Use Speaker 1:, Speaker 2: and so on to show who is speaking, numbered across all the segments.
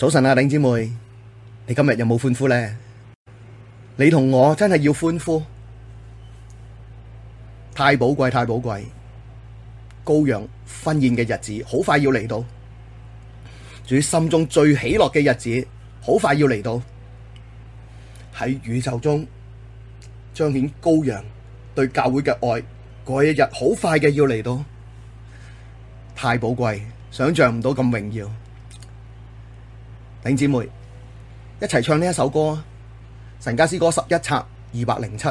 Speaker 1: 早晨啊，頂姐妹，你今日有冇歡呼呢？你同我真係要歡呼，太寶貴，太寶貴！羔羊婚宴嘅日子好快要嚟到，主心中最喜樂嘅日子好快要嚟到，喺宇宙中彰顯羔羊對教會嘅愛，嗰一日好快嘅要嚟到，太寶貴，想象唔到咁榮耀。頂姐妹，一齊唱呢一首歌啊！神家詩歌十一冊二百零七，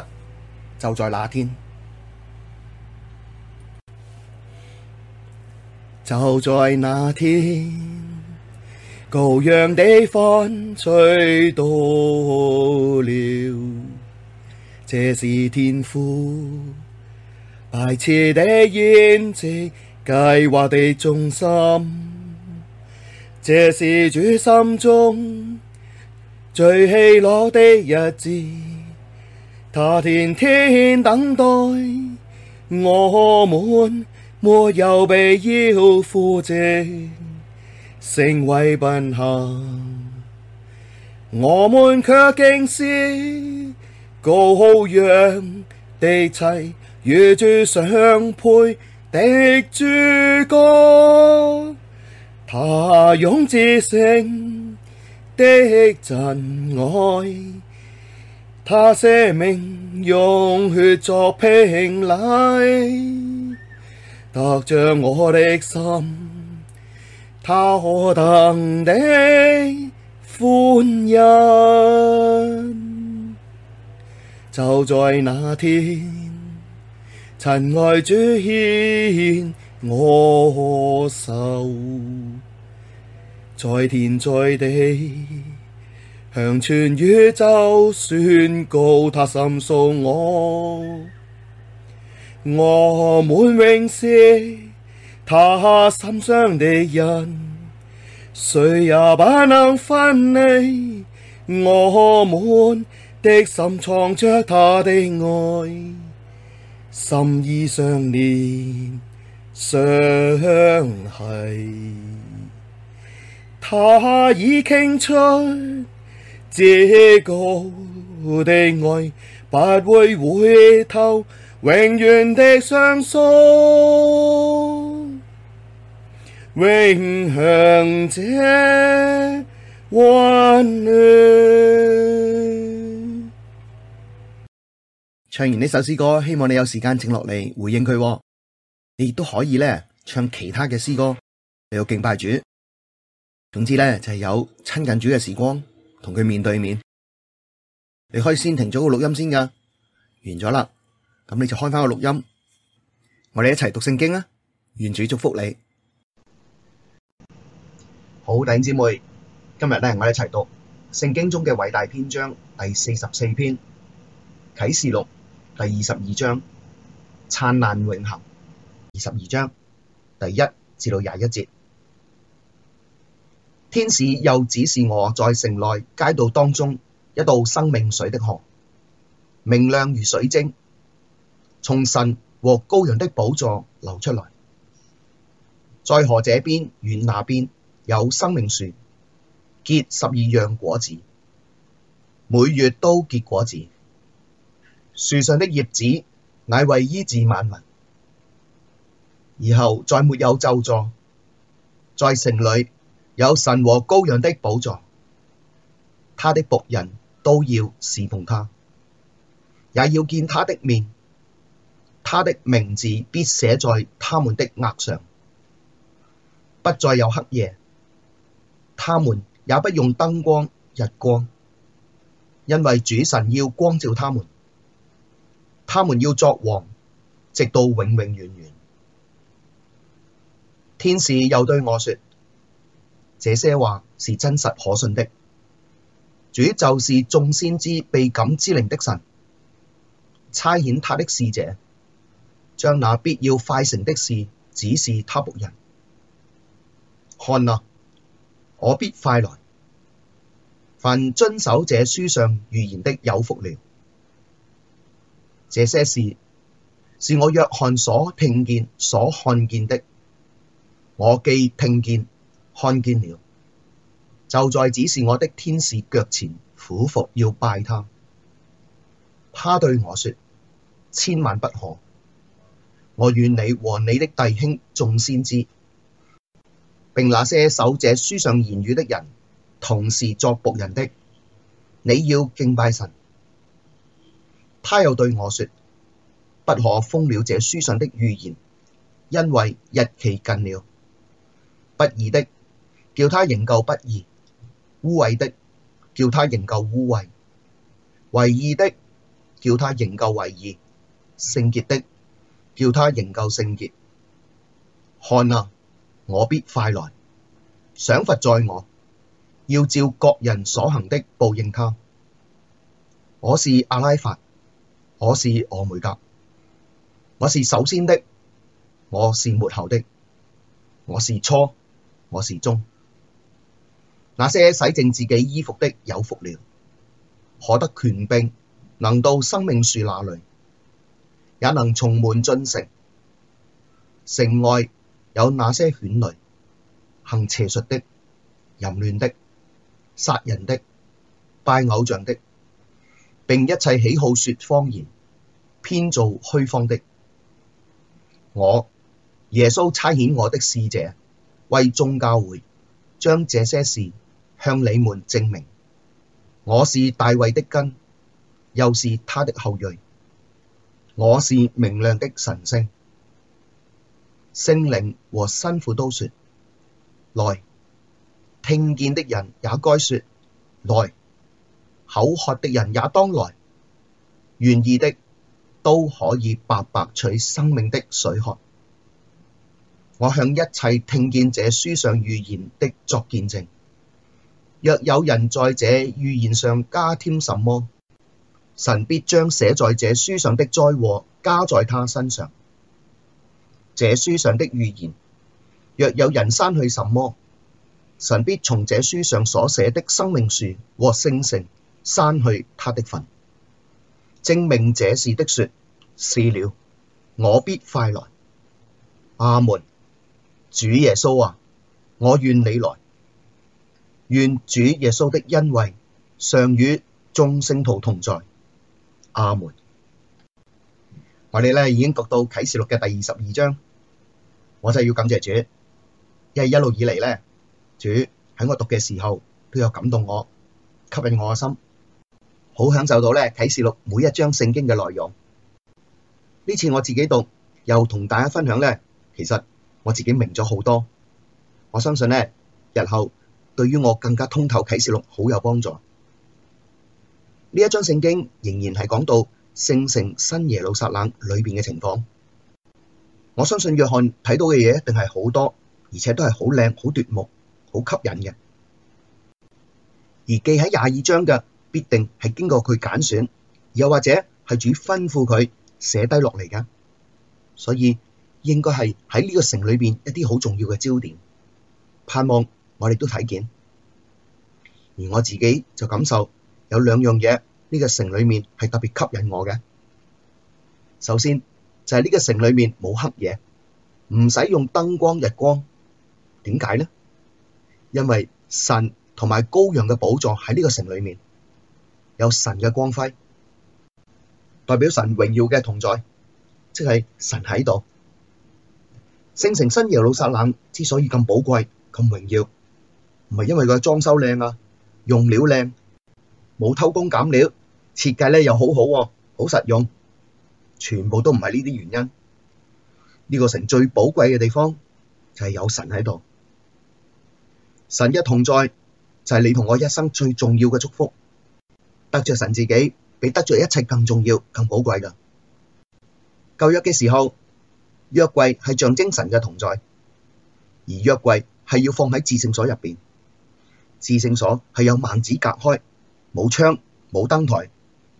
Speaker 1: 就在那天，就在那天，
Speaker 2: 羔羊的婚娶到了，這是天父，擺設的筵席，計劃的中心。這是主心中最喜樂的日子，他天天等待我們，沒有被邀赴席，成為賓客，我們卻竟是羔羊的妻，與主相配，的主角。他用摯誠的真愛，他捨命用血作聘禮，得着我的心，他何等的歡欣。就在那天，親愛主牽我手。在天在地，向全宇宙宣告他心屬我。我們永是他心上的人，誰也不能分離。我們的心藏着他的愛，心意相連，相繫。他已傾出至高的愛，不會回頭，永遠的相屬，永享這
Speaker 1: 溫暖。唱完呢首詩歌，希望你有時間請落嚟回應佢喎。你亦都可以咧唱其他嘅詩歌嚟到敬拜主。總之咧，就係有親近主嘅時光，同佢面對面。你可以先停咗個錄音先㗎，完咗啦，咁你就開翻個錄音，我哋一齊讀聖經啊！願主祝福你。好，弟兄姊妹，今日咧，我哋一齊讀聖經中嘅偉大篇章第四十四篇啟示錄第二十二章燦爛永恆，二十二章第一至到廿一節。天使又指示我在城內街道當中一道生命水的河，明亮如水晶，從神和羔羊的寶座流出來。在河這邊與那邊有生命樹，結十二樣果子，每月都結果子。樹上的葉子乃為醫治萬民，以後再沒有咒詛，在城裡，有神和羔羊的寶座，他的僕人都要侍奉他，也要見他的面，他的名字必寫在他們的額上，不再有黑夜，他們也不用燈光、日光，因為主神要光照他們，他們要作王，直到永永遠遠。天使又對我說。這些話是真實可信的。主就是眾先知被感之靈的神，差遣他的使者，將那必要快成的事指示他僕人。看啊，我必快來。凡遵守這書上預言的有福了。這些事是我約翰所聽見、所看見的。我既聽見。看見了，就在指示我的天使腳前俯伏要拜他。他對我說：千萬不可。我與你和你的弟兄眾先知，並那些守這書上言語的人，同是作僕人的。你要敬拜神。他又對我說：不可封了這書上的預言，因為日期近了，不義的。叫他仍舊不義，污穢的，叫他仍舊污穢；為義的，叫他仍舊為義；聖潔的，叫他仍舊聖潔。看啊，我必快來，賞罰在我，要照各人所行的報應他。我是阿拉法，我是俄梅戛，我是首先的，我是末後的，我是初，我是終。那些洗淨自己衣服的有福了！可得權柄，能到生命樹那裡，也能從門進城。城外有那些犬類、行邪術的、淫亂的、殺人的、拜偶像的，並一切喜好說謊言、編造虛謊的。我耶穌差遣我的使者為眾教會，將這些事向你們證明，我是大衛的根，又是他的後裔。我是明亮的晨星。聖靈和新婦都說：來，聽見的人也該說來，口渴的人也當來，願意的都可以白白取生命的水喝。我向一切聽見這書上預言的作見證。若有人在這預言上加添什麼，神必將寫在這書上的災禍加在他身上。這書上的預言，若有人刪去什麼，神必從這書上所寫的生命樹和聖城刪去他的份。證明這事的說，是了，我必快來！阿門主耶穌啊，我願你來！願主耶穌的恩惠常與眾聖徒同在。阿門。我哋咧已經讀到啟示錄嘅第二十二章，我就要感謝主，因為一路以嚟咧，主喺我讀嘅時候都有感動我、吸引我嘅心，好享受到咧啟示錄每一章聖經嘅內容。呢次我自己讀又同大家分享咧，其實我自己明咗好多，我相信咧日後。對於我更加通透啟示錄好有幫助。呢一章聖經仍然係講到聖城新耶路撒冷裏邊嘅情況。我相信約翰睇到嘅嘢一定係好多，而且都係好靚、好奪目、好吸引嘅。而記喺廿二章嘅，必定係經過佢揀選，又或者係主吩咐佢寫低落嚟㗎。所以應該係喺呢個城裏邊一啲好重要嘅焦點，盼望。我哋都睇見，而我自己就感受有兩樣嘢呢、呢個城裏面係特別吸引我嘅。首先就係、係、呢個城裏面冇黑夜，唔使用,用燈光日光。點解呢？因為神同埋羔羊嘅寶座喺呢個城裏面，有神嘅光輝，代表神榮耀嘅同在，即係神喺度。聖城新耶路撒冷之所以咁寶貴、咁榮耀。唔係因為佢裝修靚啊，用料靚，冇偷工減料，設計咧又好好、啊，好實用，全部都唔係呢啲原因。呢、這個城最寶貴嘅地方就係、是、有神喺度，神一同在就係、是、你同我一生最重要嘅祝福。得着神自己比得着一切更重要、更寶貴噶。舊約嘅時候，約櫃係象徵神嘅同在，而約櫃係要放喺至聖所入邊。至聖所係有幔子隔開，冇窗、冇燈檯、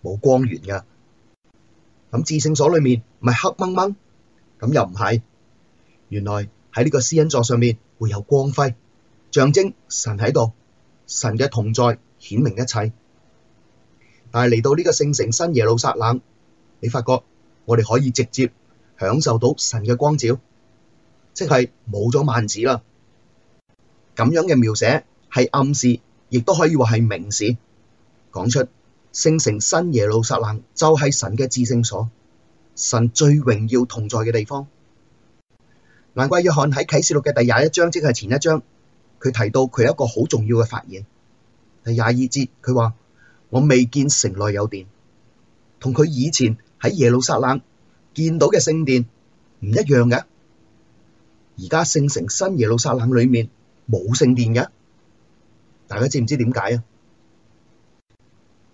Speaker 1: 冇光源嘅。咁至聖所裏面咪黑掹掹？咁又唔係，原來喺呢個施恩座上面會有光輝，象徵神喺度，神嘅同在顯明一切。但係嚟到呢個聖城新耶路撒冷，你發覺我哋可以直接享受到神嘅光照，即係冇咗幔子啦。咁樣嘅描寫。係暗示，亦都可以話係明示，講出聖城新耶路撒冷就係神嘅至聖所，神最榮耀同在嘅地方。難怪約翰喺啟示錄嘅第廿一章，即係前一章，佢提到佢有一個好重要嘅發現。第廿二節佢話：我未見城內有殿，同佢以前喺耶路撒冷見到嘅聖殿唔一樣嘅。而家聖城新耶路撒冷裏面冇聖殿嘅。大家知唔知點解啊？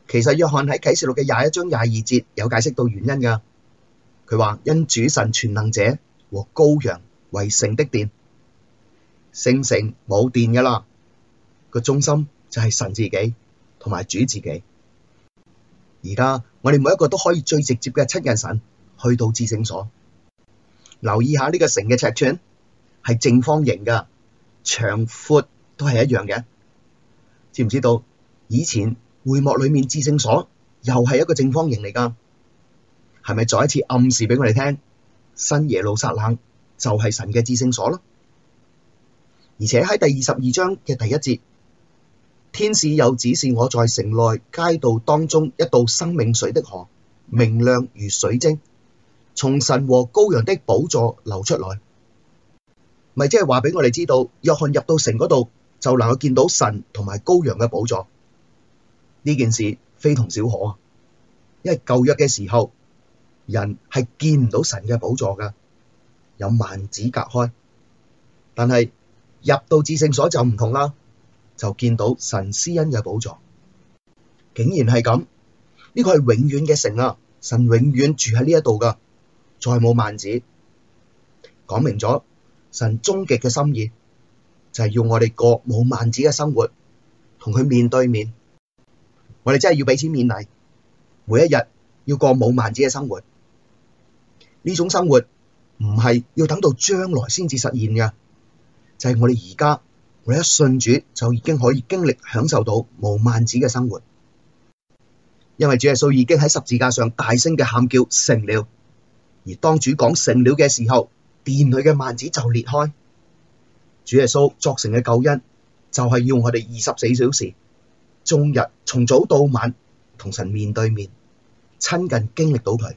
Speaker 1: 其實約翰喺啟示錄嘅廿一章廿二節有解釋到原因噶。佢話，因主神全能者和羔羊為城的殿，聖城冇殿噶啦。個中心就係神自己同埋主自己。而家我哋每一個都可以最直接嘅親近神，去到至聖所。留意下呢個城嘅尺寸係正方形噶，長闊都係一樣嘅。知唔知道以前會幕裏面至聖所又係一個正方形嚟㗎？係咪再一次暗示俾我哋聽新耶路撒冷就係神嘅至聖所咯？而且喺第二十二章嘅第一節，天使又指示我在城內街道當中一道生命水的河，明亮如水晶，從神和羔羊的寶座流出來，咪即係話俾我哋知道，約翰入到城嗰度。就能夠見到神同埋羔羊嘅寶座，呢件事非同小可啊！因為舊約嘅時候，人係見唔到神嘅寶座噶有幔子隔開。但係入到至聖所就唔同啦，就見到神施恩嘅寶座。竟然係咁，呢個係永遠嘅城啊！神永遠住喺呢一度噶再冇幔子。講明咗神終極嘅心意。就係要我哋過冇幔子嘅生活，同佢面對面。我哋真係要俾錢面禮，每一日要過冇幔子嘅生活。呢種生活唔係要等到將來先至實現嘅，就係、是、我哋而家，我一信主就已經可以經歷享受到冇幔子嘅生活。因為主耶穌已經喺十字架上大聲嘅喊叫成了，而當主講成了嘅時候，殿裏嘅幔子就裂開。主耶穌作成嘅救恩，就係要用我哋二十四小時、終日從早到晚同神面對面、親近經歷到佢。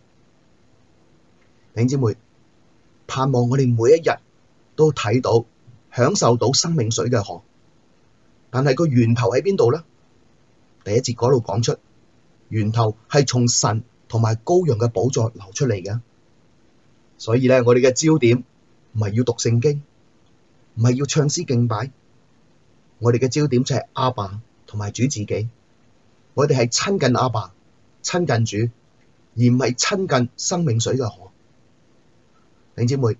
Speaker 1: 弟兄姊妹，盼望我哋每一日都睇到、享受到生命水嘅河，但係個源頭喺邊度咧？第一節嗰度講出，源頭係從神同埋羔羊嘅寶座流出嚟嘅。所以咧，我哋嘅焦點唔係要讀聖經。唔係要唱詩敬拜，我哋嘅焦點就係阿爸同埋主自己，我哋係親近阿爸、親近主，而唔係親近生命水嘅河。弟兄姊妹，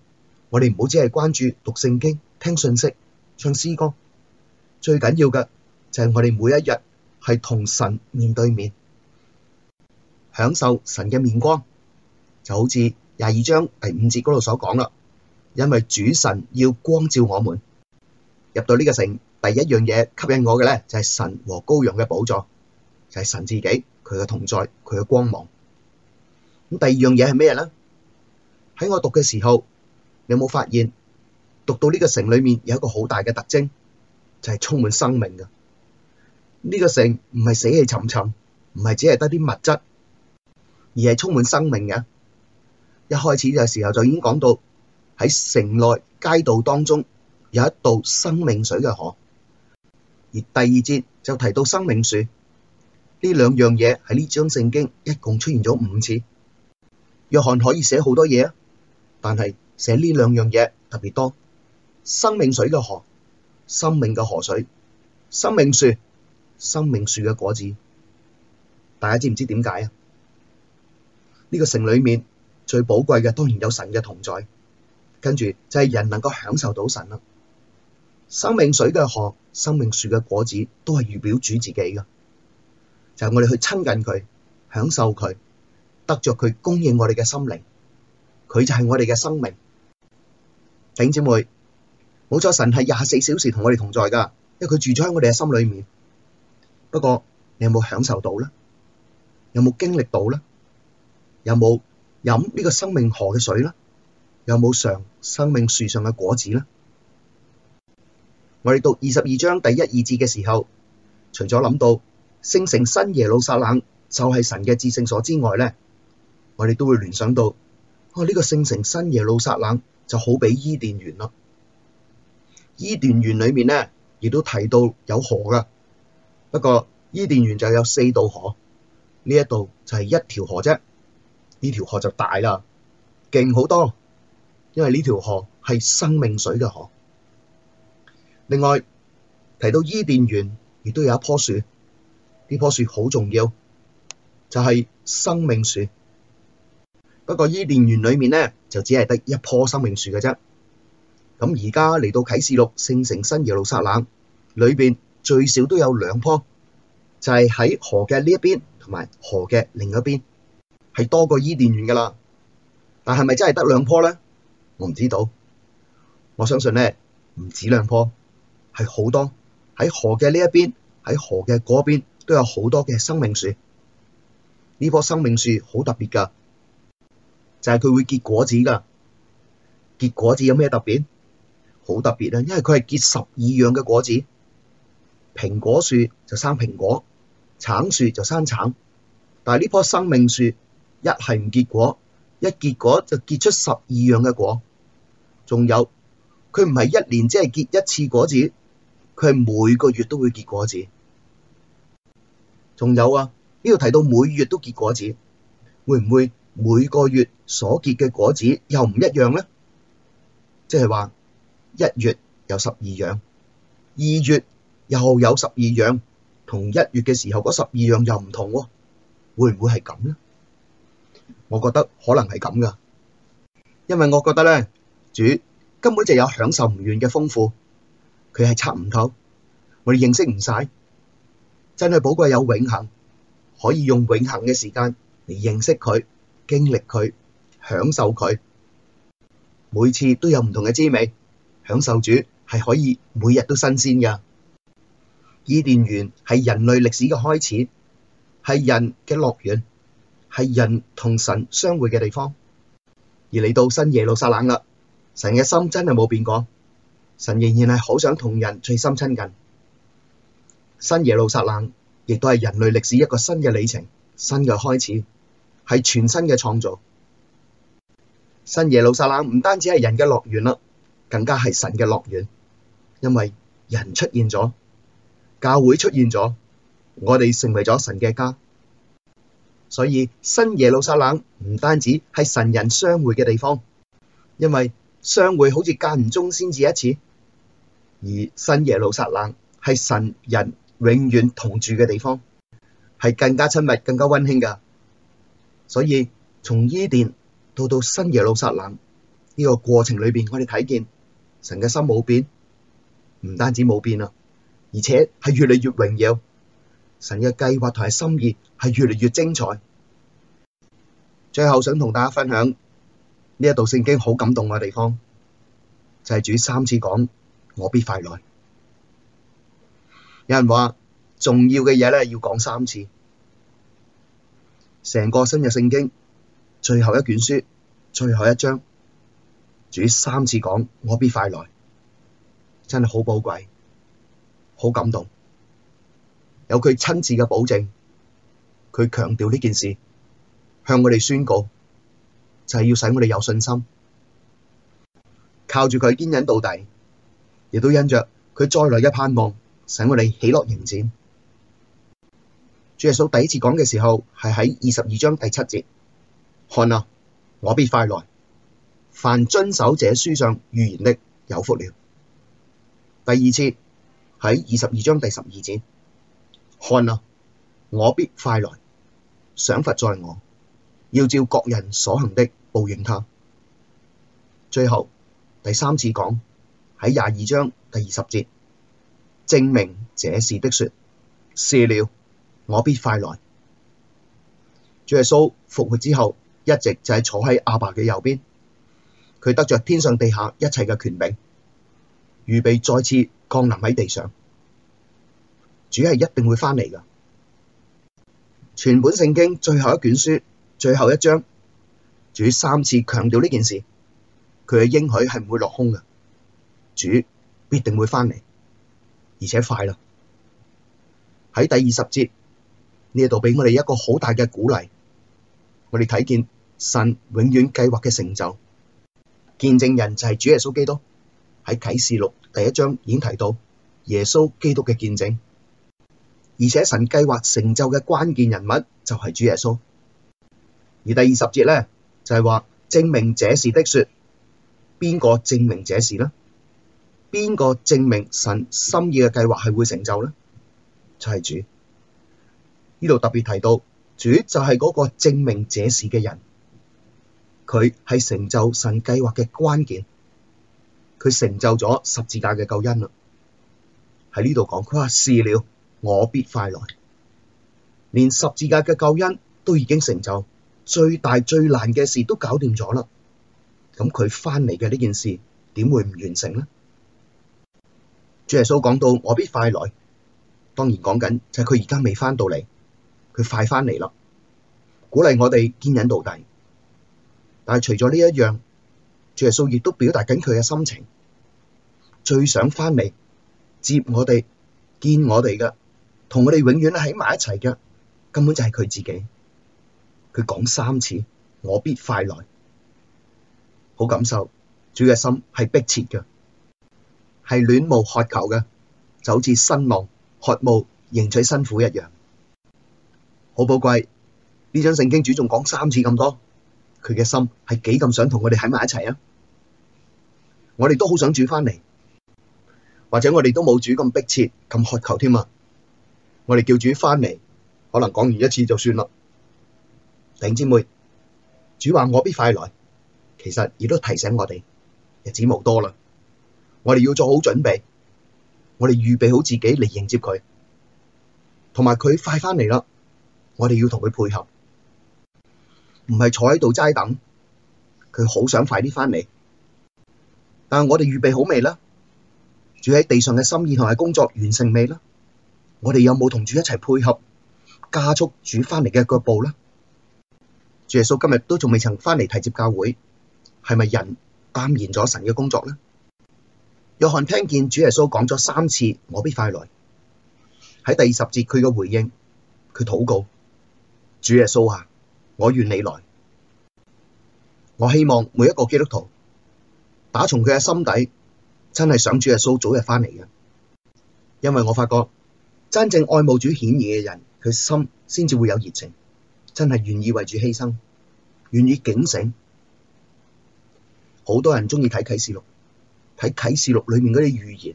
Speaker 1: 我哋唔好只係關注讀聖經、聽信息、唱詩歌，最緊要嘅就係我哋每一日係同神面對面，享受神嘅面光，就好似廿二章第五節嗰度所講啦。因為主神要光照我們。入到呢個城，第一樣嘢，吸引我嘅，咧就係神和羔羊嘅寶座，就係神自己，佢嘅同在、佢嘅光芒。咁第二樣嘢係咩咧？喺我讀嘅時候，你有冇發現讀到呢個城裏面有一個好大嘅特徵，就係充滿生命噶。呢個城唔係死氣沉沉，唔係只係得啲物質，而係充滿生命嘅。一開始嘅時候就已經講到。喺城內街道當中有一道生命水嘅河，而第二節就提到生命樹，呢兩樣嘢喺呢張聖經一共出現咗五次。約翰可以寫好多嘢啊，但係寫呢兩樣嘢特別多，生命水嘅河、生命嘅河水、生命樹、生命樹嘅果子。大家知唔知點解啊？呢個城裏面最寶貴嘅當然有神嘅同在。跟住就係人能夠享受到神啦，生命水嘅河、生命樹嘅果子都係預表主自己嘅，就係我哋去親近佢、享受佢、得着佢供應我哋嘅心靈，佢就係我哋嘅生命。頂姐妹，冇錯，神係廿四小時同我哋同在噶，因為佢住咗喺我哋嘅心裏面。不過你有冇享受到咧？有冇經歷到咧？有冇飲呢個生命河嘅水咧？有冇嘗生命樹上嘅果子呢？我哋讀二十二章第一二節嘅時候，除咗諗到聖城新耶路撒冷就係神嘅至聖所之外咧，我哋都會聯想到哦呢、這個聖城新耶路撒冷就好比伊甸園咯。伊甸園裏面咧亦都提到有河噶，不過伊甸園就有四道河，呢一度就係一條河啫，呢條河就大啦，勁好多。因為呢條河係生命水嘅河。另外提到伊甸園，亦都有一棵樹。呢棵樹好重要，就係生命樹。不過伊甸園裏面咧就只係得一棵生命樹嘅啫。咁而家嚟到啟示錄聖城新耶路撒冷裏邊，最少都有兩棵，就係喺河嘅呢一邊同埋河嘅另一邊，係多過伊甸園噶啦。但係咪真係得兩棵咧？我唔知道，我相信咧唔止兩棵，係好多，喺河嘅呢一邊，喺河嘅嗰邊都有好多嘅生命樹。呢棵生命樹好特別噶，就係佢會結果子噶。結果子有咩特別？好特別呀，因為佢係結十二樣嘅果子。蘋果樹就生蘋果，橙樹就生橙，但係呢棵生命樹一係唔結果，一結果就結出十二樣嘅果。仲有佢唔係一年只係結一次果子，佢係每個月都會結果子。仲有啊，呢度提到每月都結果子，會唔會每個月所結嘅果子又唔一樣呢？即係話一月有十二樣，二月又有十二樣，同一月嘅時候嗰十二樣又唔同啊，會唔會係咁呢？我覺得可能係咁噶，因為我覺得咧。主根本就有享受唔完嘅豐富，佢係測唔透，我哋認識唔晒，真係寶貴有永恆，可以用永恆嘅時間嚟認識佢、經歷佢、享受佢，每次都有唔同嘅滋味。享受主係可以每日都新鮮㗎。伊甸園係人類歷史嘅開始，係人嘅樂園，係人同神相會嘅地方，而嚟到新耶路撒冷啦。神嘅心真係冇變過，神仍然係好想同人最深親近。新耶路撒冷亦都係人類歷史一個新嘅里程、新嘅開始，係全新嘅創造。新耶路撒冷唔單止係人嘅樂園啦，更加係神嘅樂園，因為人出現咗，教會出現咗，我哋成為咗神嘅家，所以新耶路撒冷唔單止係神人相會嘅地方，因為。相會好似間唔中先至一次，而新耶路撒冷係神人永遠同住嘅地方，係更加親密、更加溫馨噶。所以從伊甸到到新耶路撒冷呢個過程裏邊，我哋睇見神嘅心冇變，唔單止冇變啊，而且係越嚟越榮耀。神嘅計劃同埋心意係越嚟越精彩。最後想同大家分享。呢一道聖經好感動嘅地方，就係主三次講我必快來。有人話重要嘅嘢咧要講三次，成個新約聖經最後一卷書最後一章，主三次講我必快來，真係好寶貴，好感動。有佢親自嘅保證，佢強調呢件事，向我哋宣告。就係要使我哋有信心，靠住佢堅忍到底，亦都因着佢再來嘅盼望，使我哋喜樂迎戰。主耶穌第一次講嘅時候係喺二十二章第七節，看啊，我必快來，凡遵守這書上預言的有福了。第二次喺二十二章第十二節，看啊，我必快來，賞罰在我。要照各人所行的報應他。最後第三次講喺廿二章第二十節，證明這事的說：是了，我必快來。主耶穌復活之後，一直就係坐喺阿爸嘅右邊，佢得着天上地下一切嘅權柄，預備再次降臨喺地上。主係一定會返嚟㗎。全本聖經最後一卷書，最後一章，主三次強調呢件事，佢嘅應許係唔會落空嘅。主必定會翻嚟，而且快啦。喺第二十節，呢度畀我哋一個好大嘅鼓勵。我哋睇見神永遠計劃嘅成就，見證人就係主耶穌基督。喺啟示錄第一章已經提到耶穌基督嘅見證，而且神計劃成就嘅關鍵人物就係主耶穌。而第二十節咧就係、是、話證明這事的說，邊個證明這事呢？邊個證明神心意嘅計劃係會成就呢？就係、是、主呢度特別提到主就係嗰個證明這事嘅人，佢係成就神計劃嘅關鍵，佢成就咗十字架嘅救恩啦。喺呢度講佢話：是了，我必快來，連十字架嘅救恩都已經成就。最大最難嘅事都搞掂咗啦，咁佢翻嚟嘅呢件事點會唔完成呢？主耶穌講到我必快來，當然講緊就係佢而家未翻到嚟，佢快翻嚟啦，鼓勵我哋堅忍到底。但係除咗呢一樣，主耶穌亦都表達緊佢嘅心情，最想翻嚟接我哋、見我哋嘅、同我哋永遠喺埋一齊嘅，根本就係佢自己。佢講三次，我必快來。好感受，主嘅心係迫切嘅，係戀慕渴求嘅，就好似新郎渴慕迎娶新婦一樣。好寶貴，呢張聖經主仲講三次咁多，佢嘅心係幾咁想同我哋喺埋一齊啊！我哋都好想主翻嚟，或者我哋都冇主咁迫切、咁渴求添啊！我哋叫主翻嚟，可能講完一次就算啦。弟兄姊妹，主話我必快來，其實亦都提醒我哋日子冇多啦。我哋要做好準備，我哋預備好自己嚟迎接佢，同埋佢快翻嚟啦。我哋要同佢配合，唔係坐喺度齋等。佢好想快啲翻嚟，但係我哋預備好未啦？主喺地上嘅心意同埋工作完成未啦？我哋有冇同主一齊配合加速主翻嚟嘅腳步呢？主耶穌今日都仲未曾翻嚟提接教會，係咪人淡然咗神嘅工作呢？約翰聽見主耶穌講咗三次我必快來，喺第二十節，佢嘅回應，佢禱告，主耶穌啊，我願你來。我希望每一個基督徒打從佢嘅心底真係想主耶穌早日翻嚟嘅，因為我發覺真正愛慕主顯義嘅人，佢心先至會有熱情。真係願意為住犧牲，願意警醒。好多人鍾意睇啟示錄，睇啟示錄裏面嗰啲預言，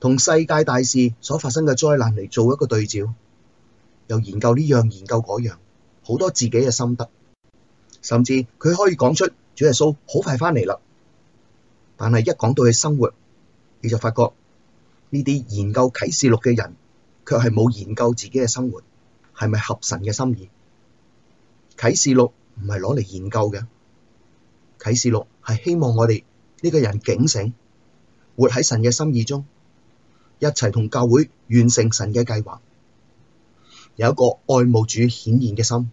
Speaker 1: 同世界大事所發生嘅災難嚟做一個對照，又研究呢樣研究嗰樣，好多自己嘅心得。甚至佢可以講出主耶穌好快翻嚟啦，但係一講到佢生活，你就發覺呢啲研究啟示錄嘅人，卻係冇研究自己嘅生活，係咪合神嘅心意？啟示錄唔係攞嚟研究嘅，啟示錄係希望我哋呢個人警醒，活喺神嘅心意中，一齊同教會完成神嘅計劃，有一個愛慕主顯現嘅心。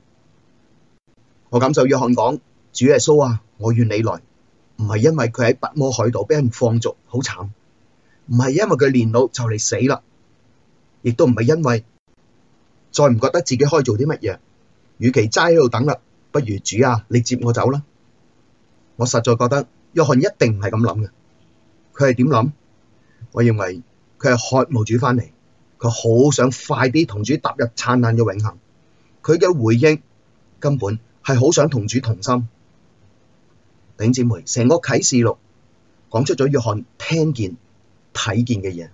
Speaker 1: 我感受約翰講：主耶穌啊，我願你來，唔係因為佢喺拔摩海度俾人放逐好慘，唔係因為佢年老就嚟死啦，亦都唔係因為再唔覺得自己可以做啲乜嘢。與其齋喺度等啦，不如主啊，你接我走啦。我實在覺得約翰一定唔係咁諗嘅，佢係點諗？我認為佢係渴望主翻嚟，佢好想快啲同主踏入燦爛嘅永恒。佢嘅回應根本係好想同主同心。丁姊妹，成個啟示錄講出咗約翰聽見、睇見嘅嘢，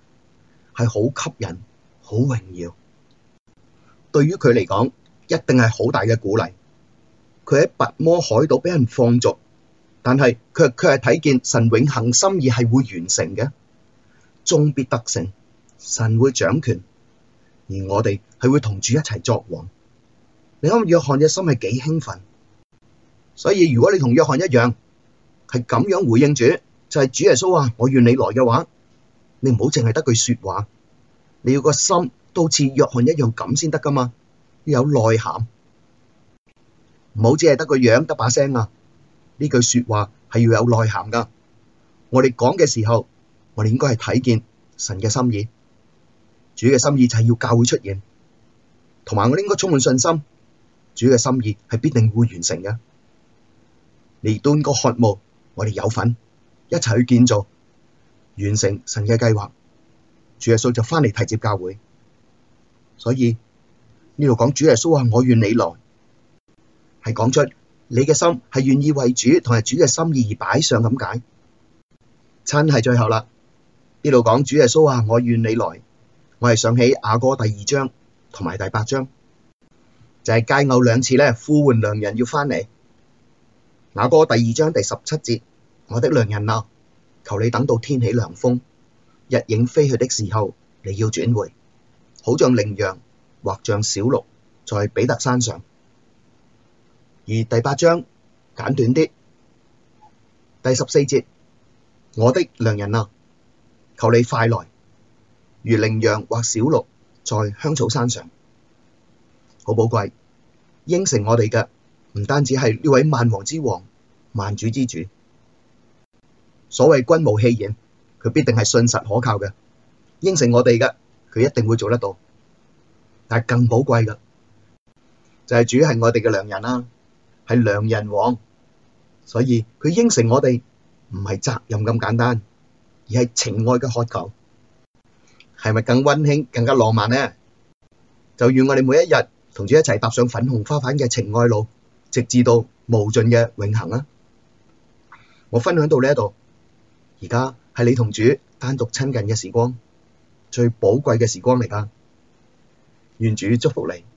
Speaker 1: 係好吸引、好榮耀，對於佢嚟講。一定係好大嘅鼓勵，佢喺拔摩海島俾人放逐，但係佢，佢係睇見神永恆心意係會完成嘅，終必得成，神會掌權，而我哋係會同主一齊作王。你諗約翰嘅心係幾興奮？所以如果你同約翰一樣，係咁樣回應主，就係、是、主耶穌話我願你來嘅話，你唔好淨係得句說話，你要個心都似約翰一樣咁先得噶嘛。要有內涵，唔好只係得個樣得把聲啊！呢句說話係要有內涵噶。我哋講嘅時候，我哋應該係睇見神嘅心意。主嘅心意就係要教會出現，同埋我哋應該充滿信心。主嘅心意係必定會完成嘅。你都應該渴慕，我哋有份一齊去建造完成神嘅計劃。主耶穌就翻嚟提接教會，所以。呢度講主耶穌話：我願你來，係講出你嘅心係願意為主同埋主嘅心意而擺上咁解。真係最後啦。呢度講主耶穌話：我願你來，我係想起雅歌第二章同埋第八章，就係、是、佳偶兩次呢呼喚良人要返嚟。雅歌第二章第十七節：我的良人啊，求你等到天起涼風、日影飛去的時候，你要轉回，好像羚羊，或像小鹿在比特山上，而第八章簡短啲，第十四節：我的良人啊，求你快來，如羚羊或小鹿在香草山上。好寶貴，應承我哋嘅，唔單止係呢位萬王之王、萬主之主。所謂君無戲言，佢必定係信實可靠嘅，應承我哋嘅，佢一定會做得到。但係更寶貴噶，就係主係我哋嘅良人啦，係良人王，所以佢應承我哋唔係責任咁簡單，而係情愛嘅渴求，係咪更溫馨、更加浪漫呢？就願我哋每一日同主一齊踏上粉紅花瓣嘅情愛路，直至到無盡嘅永恆啦！我分享到呢一度，而家係你同主單獨親近嘅時光，最寶貴嘅時光嚟噶願主祝福你。